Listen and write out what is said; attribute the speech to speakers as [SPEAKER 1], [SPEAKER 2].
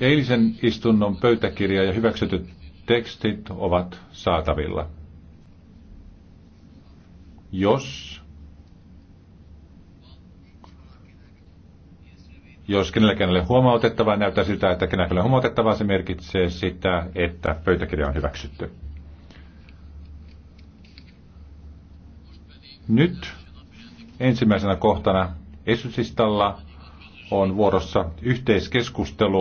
[SPEAKER 1] Eilisen istunnon pöytäkirja ja hyväksytyt tekstit ovat saatavilla. Jos, jos kenelläkään ei ole huomautettavaa, näyttää siltä, että kenelläkään ei ole huomautettavaa, se merkitsee sitä, että pöytäkirja on hyväksytty. Nyt ensimmäisenä kohtana esitysistalla on vuorossa yhteiskeskustelu